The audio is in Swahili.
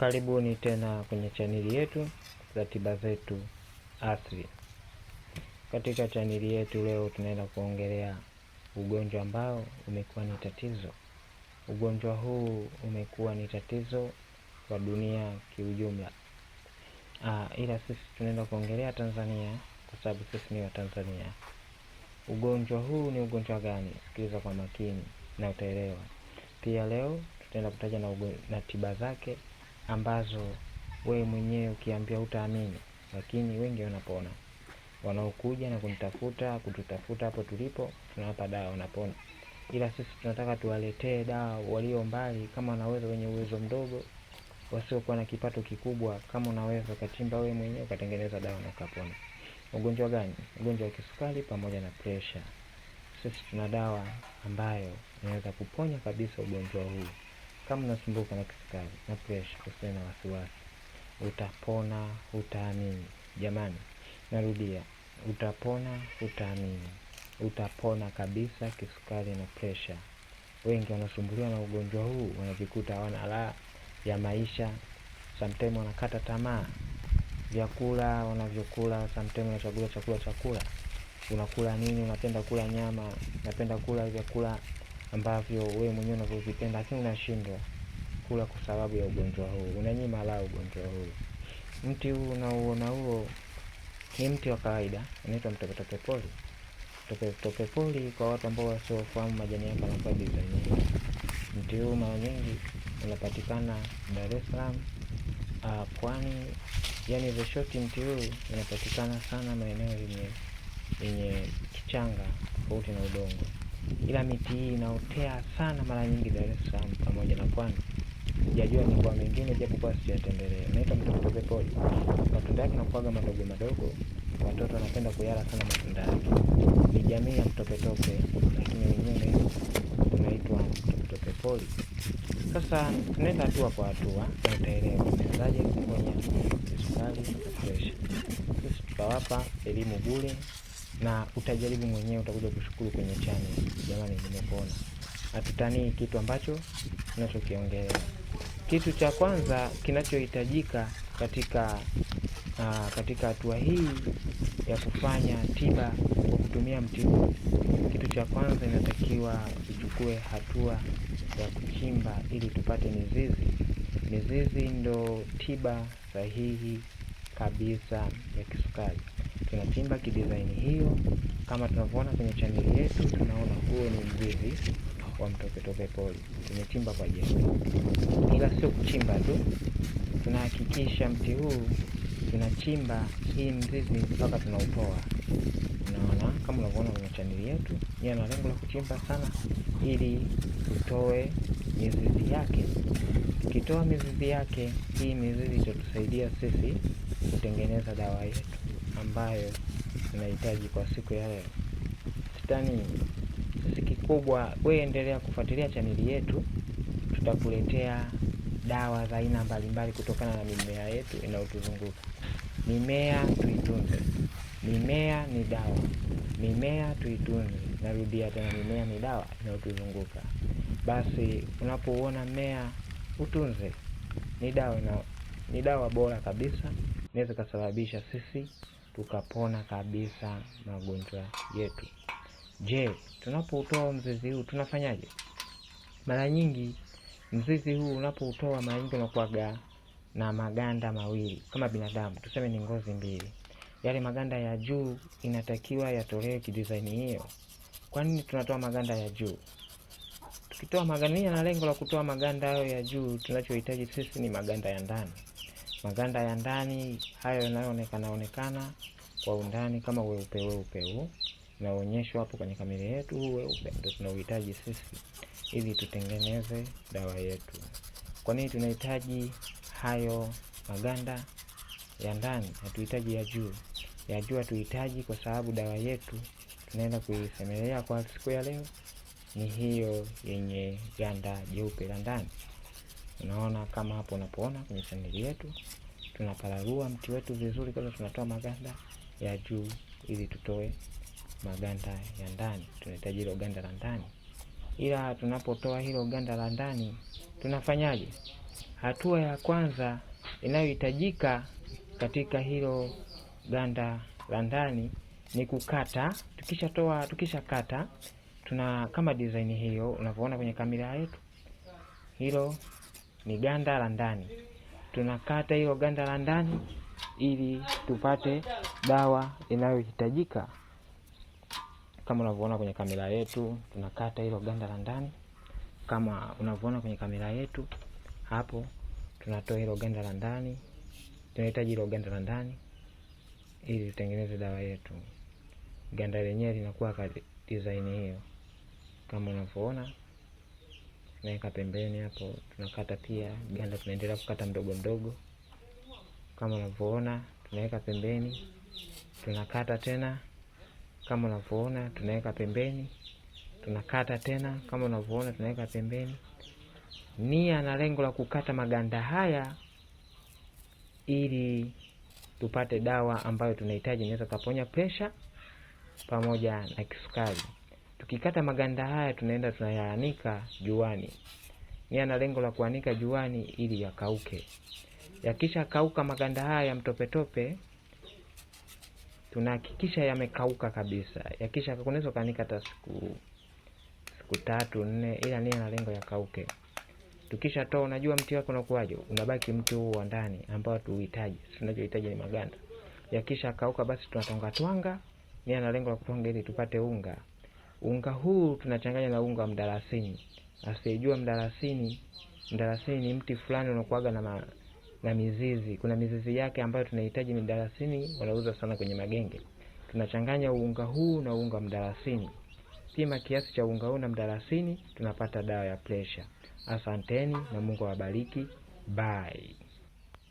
Karibuni tena kwenye chaneli yetu za tiba zetu asili. Katika chaneli yetu leo, tunaenda kuongelea ugonjwa ambao umekuwa ni tatizo. Ugonjwa huu umekuwa ni tatizo kwa dunia kiujumla. Ah, ila sisi tunaenda kuongelea Tanzania kwa sababu sisi ni Watanzania. Ugonjwa huu ni ugonjwa gani? Sikiliza kwa makini na utaelewa. Pia leo tutaenda kutaja na, na tiba zake ambazo wewe mwenyewe ukiambia utaamini, lakini wengi wanapona. Wanaokuja na kunitafuta kututafuta hapo tulipo, tunawapa dawa wanapona, ila sisi tunataka tuwaletee dawa walio mbali, kama wanaweza, wenye uwezo mdogo, wasiokuwa na kipato kikubwa. Kama unaweza ukachimba wewe mwenyewe ukatengeneza dawa na ukapona. Ugonjwa gani? Ugonjwa wa kisukari pamoja na pressure. Sisi tuna dawa ambayo inaweza kuponya kabisa ugonjwa huu. Kama unasumbuka na kisukari na presha, usiwe na wasiwasi, utapona, utaamini. Jamani, narudia, utapona, utaamini, utapona kabisa kisukari na presha. Wengi wanasumbuliwa na ugonjwa huu, wanajikuta hawana raha ya maisha, sometimes wanakata tamaa vyakula wanavyokula, sometimes unachagua chakula chakula, unakula nini? Unapenda kula nyama, unapenda kula vyakula ambavyo wewe mwenyewe unavyovipenda, lakini unashindwa kula kwa sababu ya ugonjwa huu, unanyima raha ugonjwa huu. Mti huu unaouona huo ni mti wa kawaida, unaitwa mtopetope pori. Mtopetope pori, kwa watu ambao wasiofahamu majani yake yanakuwa bidhaa nyingi. Mti huu mara nyingi unapatikana Dar es Salaam, uh, Pwani, yani the short. Mti huu unapatikana sana maeneo yenye yenye kichanga tofauti na udongo ila miti hii inaotea sana mara nyingi Dar es Salaam pamoja na Pwani. Sijajua ni mikoa mingine japokuwa sijatembelea. Unaitwa mtopetope poli. Matunda yake nakuaga madogo madogo, watoto wanapenda kuyala sana matunda yake. Ni jamii ya mtopetope, lakini wenyewe unaitwa mtopetope poli. Sasa tunaenda hatua kwa hatua na utaelewa unaanzaje kuponya kisukari na presha. Sisi tutawapa elimu bure na utajaribu mwenyewe, utakuja kushukuru kwenye chane Jamani, nimepona. Hatutanii kitu ambacho tunachokiongelea. Kitu cha kwanza kinachohitajika katika uh, katika hatua hii ya kufanya tiba kwa kutumia mtibu, kitu cha kwanza inatakiwa tuchukue hatua ya kuchimba ili tupate mizizi. Mizizi ndo tiba sahihi kabisa ya kisukari tunachimba kidizaini hiyo. Kama tunavyoona kwenye chaneli yetu, tunaona huo ni mzizi wa mtopetope pori, tumechimba kwa jembe. Ila sio kuchimba tu, tunahakikisha mti huu tunachimba hii mzizi mpaka tunautoa. Unaona, kama unavyoona kwenye chaneli yetu, yeye ana lengo la kuchimba sana, ili tutoe mizizi yake. Tukitoa mizizi yake, hii mizizi itatusaidia sisi kutengeneza dawa yetu ambayo unahitaji kwa siku ya leo. Sitani sisi kikubwa, wewe endelea kufuatilia chaneli yetu, tutakuletea dawa za aina mbalimbali kutokana na mimea yetu inayotuzunguka. Mimea tuitunze, mimea ni dawa, mimea tuitunze. Narudia tena, mimea ni dawa inayotuzunguka. Basi unapoona mmea utunze, ni dawa ni dawa bora kabisa, inaweza kusababisha sisi tukapona kabisa magonjwa yetu. Je, tunapoutoa mzizi huu tunafanyaje? Mara nyingi mzizi huu unapoutoa, mara nyingi unakuwaga na maganda mawili kama binadamu, tuseme ni ngozi mbili. Yale maganda ya juu inatakiwa yatolewe kidizaini hiyo. Kwa nini tunatoa maganda ya juu? Tukitoa maganda, na lengo la kutoa maganda hayo ya juu, tunachohitaji sisi ni maganda ya ndani maganda ya ndani hayo yanayoonekana onekana kwa undani kama weupe weupe huu naonyeshwa hapo kwenye kamera yetu, huu weupe ndio tunauhitaji sisi ili tutengeneze dawa yetu. Kwa nini tunahitaji hayo maganda ya ndani? Hatuhitaji ya juu, ya juu hatuhitaji kwa sababu dawa yetu tunaenda kuisemelea kwa siku ya leo ni hiyo yenye ganda jeupe la ndani. Unaona kama hapo unapoona kwenye chaneli yetu tunapararua mti wetu vizuri, kwanza tunatoa maganda ya juu ili tutoe maganda ya ndani, tunahitaji hilo ganda la ndani. Ila tunapotoa hilo ganda la ndani tunafanyaje? Hatua ya kwanza inayohitajika katika hilo ganda la ndani ni kukata. Tukishatoa, tukishakata tuna kama design hiyo unavyoona kwenye kamera yetu hilo ni ganda la ndani. Tunakata hilo ganda la ndani ili tupate dawa inayohitajika. Kama unavyoona kwenye kamera yetu, tunakata hilo ganda la ndani kama unavyoona kwenye kamera yetu hapo. Tunatoa hilo ganda la ndani, tunahitaji hilo ganda la ndani ili tutengeneze dawa yetu. Ganda lenyewe linakuwa kwa design hiyo kama unavyoona naweka pembeni hapo, tunakata pia ganda, tunaendelea kukata mdogo mdogo kama unavyoona, tunaweka pembeni, tunakata tena kama unavyoona, tunaweka pembeni, tunakata tena kama unavyoona, tunaweka pembeni. Nia na lengo la kukata maganda haya ili tupate dawa ambayo tunahitaji, inaweza kaponya presha pamoja na kisukari. Tukikata maganda haya tunaenda tunayaanika juani. Nia na lengo la kuanika juani ili yakauke. Yakisha kauka maganda haya ya mtopetope tunahakikisha yamekauka kabisa. Yakisha kunaweza kuanika hata siku siku tatu nne, ila nia na lengo yakauke. Tukisha toa, unajua mti wako unakuwaje? Unabaki mti huo wa ndani ambao tuuhitaji. Tunachohitaji ni maganda. Yakisha kauka, basi tunatwanga twanga, nia na lengo la kutwanga ili tupate unga. Unga huu tunachanganya na unga wa mdalasini. Asiyejua mdalasini, mdalasini ni mti fulani unakuaga na ma, na mizizi. Kuna mizizi yake ambayo tunahitaji mdalasini, wanauza sana kwenye magenge. Tunachanganya unga huu na unga wa mdalasini. Pima kiasi cha unga huu na mdalasini, tunapata dawa ya presha. Asanteni na Mungu awabariki. Bye.